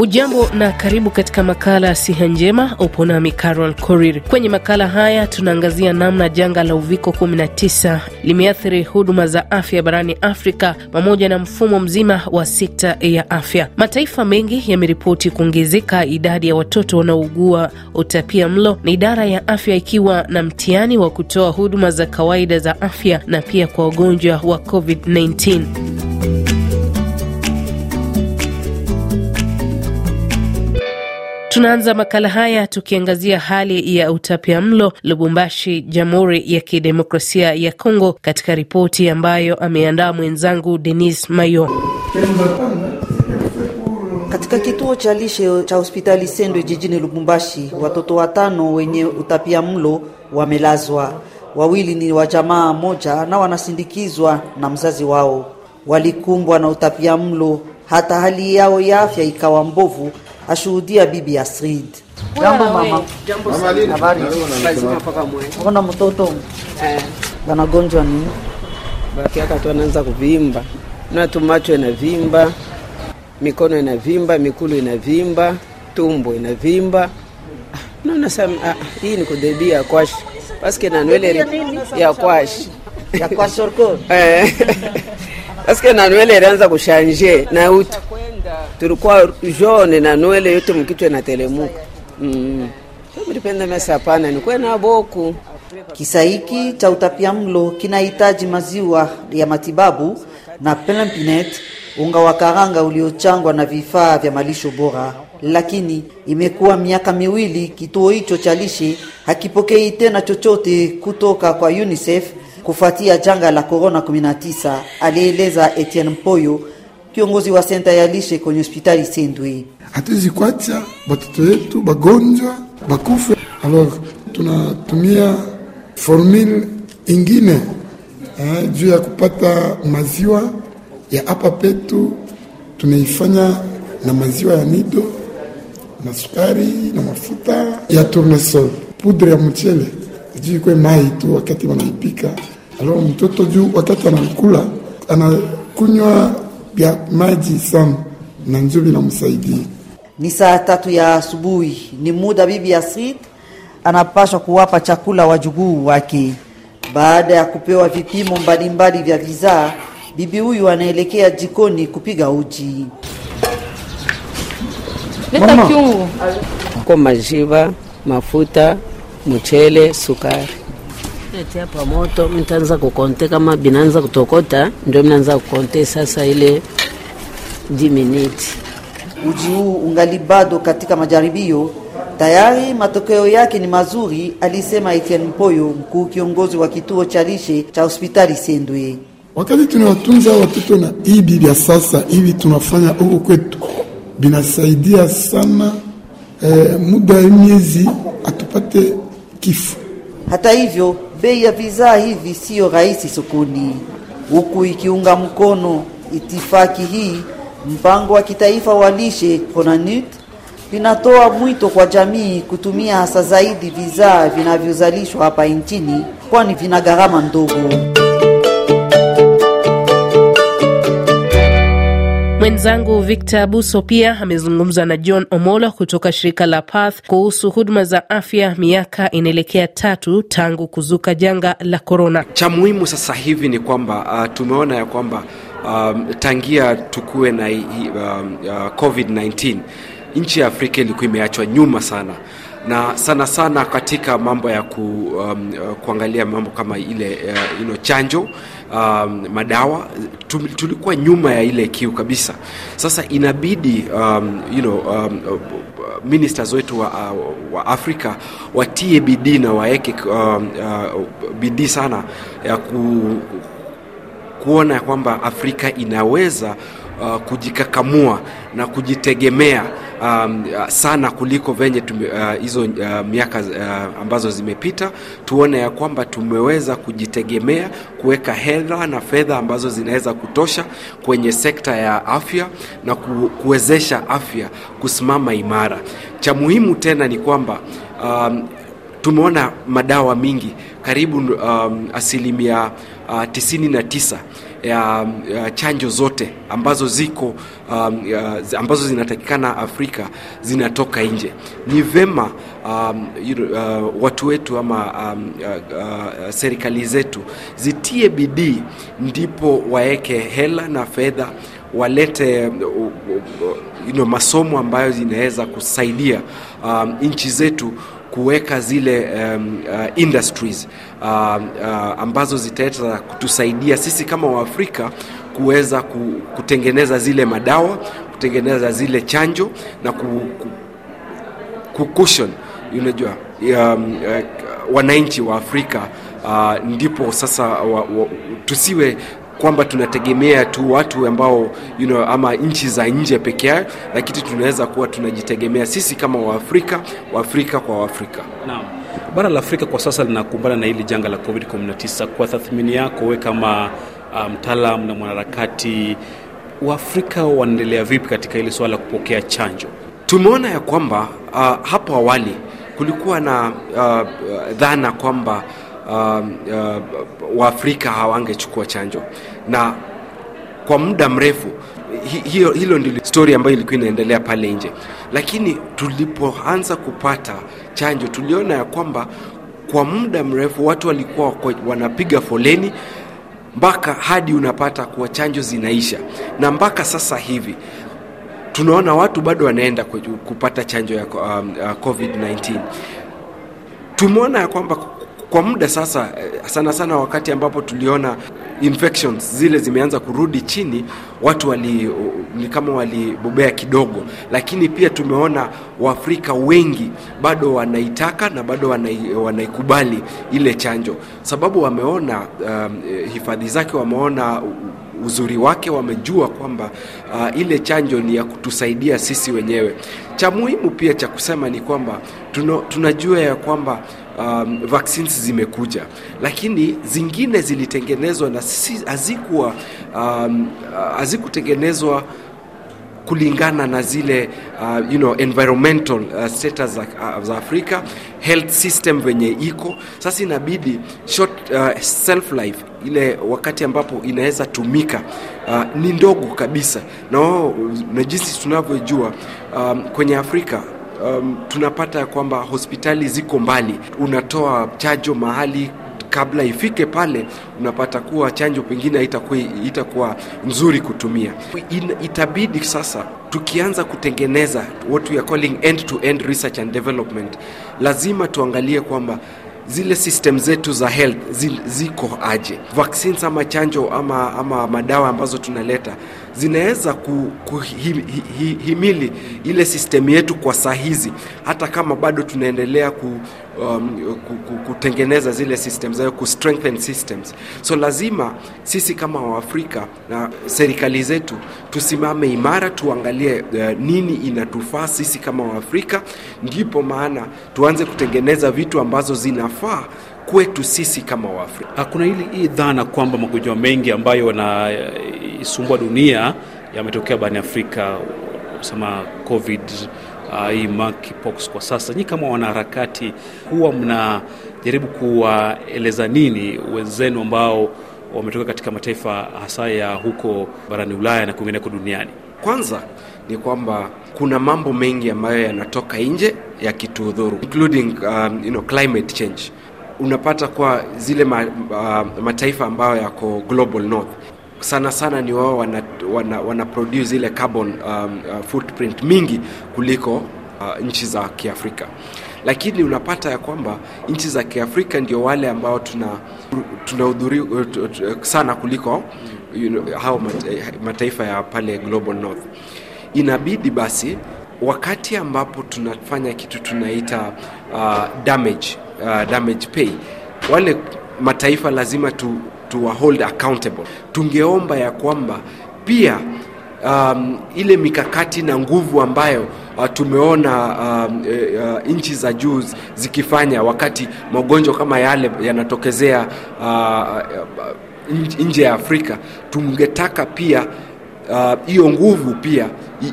ujambo na karibu katika makala ya siha njema. Upo nami Carol Korir. Kwenye makala haya tunaangazia namna janga la uviko 19 limeathiri huduma za afya barani Afrika pamoja na mfumo mzima wa sekta ya afya. Mataifa mengi yameripoti kuongezeka idadi ya watoto wanaougua utapia mlo, na idara ya afya ikiwa na mtihani wa kutoa huduma za kawaida za afya na pia kwa wagonjwa wa COVID-19. Tunaanza makala haya tukiangazia hali ya utapia mlo Lubumbashi, Jamhuri ya Kidemokrasia ya Kongo, katika ripoti ambayo ameandaa mwenzangu Denis Mayo. Katika kituo cha lishe cha hospitali Sendwe jijini Lubumbashi, watoto watano wenye utapia mlo wamelazwa. Wawili ni wa jamaa moja na wanasindikizwa na mzazi wao. Walikumbwa na utapia mlo hata hali yao ya afya ikawa mbovu ashuhudia bibi Astrid. Jambo mama. Jambo sana. Habari? Mbona mtoto eh, wanagonjwa ni Baki yake tu anaanza kuvimba na tumacho vimba. mikono inavimba, mikulu inavimba, tumbo inavimba. Naona sasa ah, hii ni kudebia ya kwashi paske na nywele ya kwash. ya kwash orko eh paske na nywele ilianza kushanje na utu tulikuwa jone na nwele yote mkichwa na telemuka mm. Mm-hmm. mesa hapana, nikuwe na boku. Kisa hiki cha mlo kinahitaji maziwa ya matibabu na pelampinet, unga wa karanga uliochangwa na vifaa vya malisho bora. Lakini imekuwa miaka miwili kituo hicho cha lishe hakipokei tena chochote kutoka kwa UNICEF kufuatia janga la corona 19, alieleza Etienne Mpoyo kiongozi wa senta ya lishe kwenye hospitali Sendwe. Hatuwezi kuacha watoto wetu bagonjwa bakufe, alors tunatumia formule ingine eh, juu ya kupata maziwa ya hapa petu, tunaifanya na maziwa ya nido na sukari na mafuta ya tournesol, pudre ya mchele juu ikwe mai tu wakati wanaipika, alo mtoto juu wakati anakula anakunywa ya maji sana na njoo vinamsaidia. Ni saa tatu ya asubuhi, ni muda bibi Asid anapaswa kuwapa chakula wajukuu wake. Baada ya kupewa vipimo mbalimbali vya vizaa, bibi huyu anaelekea jikoni kupiga uji. Leta kiungo, maziwa, mafuta, mchele, sukari Nikiletea pa moto mtaanza kukonte kama binaanza kutokota, ndio mnaanza kukonte sasa ile 10 Uji huu ungali bado katika majaribio, tayari matokeo yake ni mazuri, alisema Etienne Mpoyo, mkuu kiongozi wa kituo cha lishe cha hospitali Sendwe. Wakati tunawatunza watoto na hivi vya sasa hivi tunafanya huko kwetu, binasaidia sana eh, muda ya miezi atupate kifo. Hata hivyo bei ya bidhaa hivi siyo rahisi sokoni, huku ikiunga mkono itifaki hii. Mpango wa kitaifa wa lishe CONANUT linatoa mwito kwa jamii kutumia hasa zaidi bidhaa vinavyozalishwa hapa nchini, kwani vina gharama ndogo. Mwenzangu Victor Buso pia amezungumza na John Omolo kutoka shirika la Path kuhusu huduma za afya miaka inaelekea tatu tangu kuzuka janga la korona. Cha muhimu sasa hivi ni kwamba uh, tumeona ya kwamba um, tangia tukuwe na um, uh, uh, COVID-19 nchi ya Afrika ilikuwa imeachwa nyuma sana na sana sana katika mambo ya ku, um, uh, kuangalia mambo kama ile uh, ino chanjo um, madawa tulikuwa nyuma ya ile kiu kabisa. Sasa inabidi um, you know, um, uh, ministers wetu wa, uh, wa Afrika watie bidii na waeke um, uh, bidii sana ya ku, kuona kwamba Afrika inaweza uh, kujikakamua na kujitegemea um, uh, sana kuliko venye uh, hizo uh, uh, miaka uh, ambazo zimepita. Tuone ya kwamba tumeweza kujitegemea, kuweka hela na fedha ambazo zinaweza kutosha kwenye sekta ya afya na ku, kuwezesha afya kusimama imara. Cha muhimu tena ni kwamba um, tumeona madawa mingi karibu um, asilimia uh, tisini na tisa ya, ya chanjo zote ambazo ziko um, ya, ambazo zinatakikana Afrika zinatoka nje. Ni vema um, uh, watu wetu ama um, uh, uh, serikali zetu zitie bidii, ndipo waeke hela na fedha walete uh, uh, uh, you know, masomo ambayo zinaweza kusaidia um, nchi zetu kuweka zile um, uh, industries uh, uh, ambazo zitaweza kutusaidia sisi kama Waafrika kuweza kutengeneza zile madawa, kutengeneza zile chanjo na ku, ku, unajua um, uh, wananchi wa Afrika uh, ndipo sasa wa, wa, tusiwe kwamba tunategemea tu watu ambao you know, ama nchi za nje peke yake lakini tunaweza kuwa tunajitegemea sisi kama Waafrika, Waafrika kwa Waafrika. Naam. Bara la Afrika kwa sasa linakumbana na hili janga la COVID-19. Kwa tathmini yako we kama ah, mtaalam um, na mwanaharakati, Waafrika wanaendelea vipi katika hili suala la kupokea chanjo? Tumeona ya kwamba uh, hapo awali kulikuwa na uh, dhana kwamba Um, uh, uh, Waafrika hawangechukua chanjo na kwa muda mrefu hi, hilo ndio stori ambayo ilikuwa inaendelea pale nje, lakini tulipoanza kupata chanjo tuliona ya kwamba kwa muda mrefu watu walikuwa wanapiga foleni mpaka hadi unapata kuwa chanjo zinaisha, na mpaka sasa hivi tunaona watu bado wanaenda kupata chanjo ya um, COVID-19. Tumeona ya kwamba kwa muda sasa, eh, sana sana wakati ambapo tuliona infections zile zimeanza kurudi chini, watu wali, ni kama walibobea kidogo, lakini pia tumeona Waafrika wengi bado wanaitaka na bado wanai, wanaikubali ile chanjo, sababu wameona um, eh, hifadhi zake, wameona uzuri wake, wamejua kwamba uh, ile chanjo ni ya kutusaidia sisi wenyewe. Cha muhimu pia cha kusema ni kwamba tunajua ya kwamba um, vaccines zimekuja, lakini zingine zilitengenezwa na hazikuwa um, uh, hazikutengenezwa kulingana na zile uh, you know, environmental uh, status za, uh, za Afrika, health system venye iko sasa, inabidi short uh, self life ile wakati ambapo inaweza tumika uh, ni ndogo kabisa na, na jinsi tunavyojua um, kwenye Afrika um, tunapata ya kwamba hospitali ziko mbali, unatoa chajo mahali kabla ifike pale, unapata kuwa chanjo pengine itakuwa itakuwa nzuri kutumia. Itabidi sasa tukianza kutengeneza what we are calling end to end research and development, lazima tuangalie kwamba zile system zetu za health zil, ziko aje? Vaccines ama chanjo ama, ama madawa ambazo tunaleta zinaweza kuhimili ile system yetu kwa saa hizi, hata kama bado tunaendelea ku, um, kutengeneza zile systems au eh, kustrengthen systems. So lazima sisi kama Waafrika na serikali zetu tusimame imara, tuangalie uh, nini inatufaa sisi kama Waafrika, ndipo maana tuanze kutengeneza vitu ambazo zinafaa kwetu sisi kama Waafrika. hakuna ah, hili hii dhana kwamba magonjwa mengi ambayo yanaisumbua eh, dunia yametokea barani Afrika, sema COVID uh, hii monkeypox kwa sasa, nyi kama wanaharakati huwa mnajaribu kuwaeleza nini wenzenu ambao wametoka katika mataifa hasa ya huko barani Ulaya na kwingineko duniani? Kwanza ni kwamba kuna mambo mengi ambayo yanatoka nje yakituudhuru, including um, you know, climate change. Unapata kwa zile ma, uh, mataifa ambayo yako global north sana sana ni wao wana, wana, wana produce ile carbon um, uh, footprint mingi kuliko uh, nchi za Kiafrika, lakini unapata ya kwamba nchi za Kiafrika ndio wale ambao tuna tunahudhuri uh, sana kuliko you know, hao mataifa ya pale Global North. Inabidi basi wakati ambapo tunafanya kitu tunaita uh, damage, uh, damage pay, wale mataifa lazima tu tuwa hold accountable. Tungeomba ya kwamba pia um, ile mikakati na nguvu ambayo uh, tumeona um, e, uh, nchi za juu zikifanya wakati magonjwa kama yale yanatokezea uh, nje ya Afrika, tungetaka pia hiyo uh, nguvu pia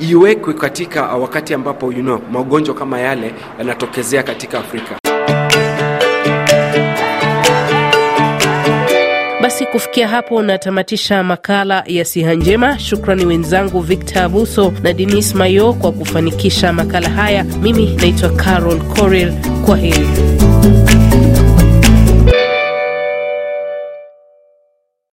iwekwe katika wakati ambapo you know, magonjwa kama yale yanatokezea katika Afrika. Basi kufikia hapo natamatisha makala ya siha njema. Shukrani wenzangu Victor Abuso na Denis Mayo kwa kufanikisha makala haya. Mimi naitwa Carol Corel, kwa heri.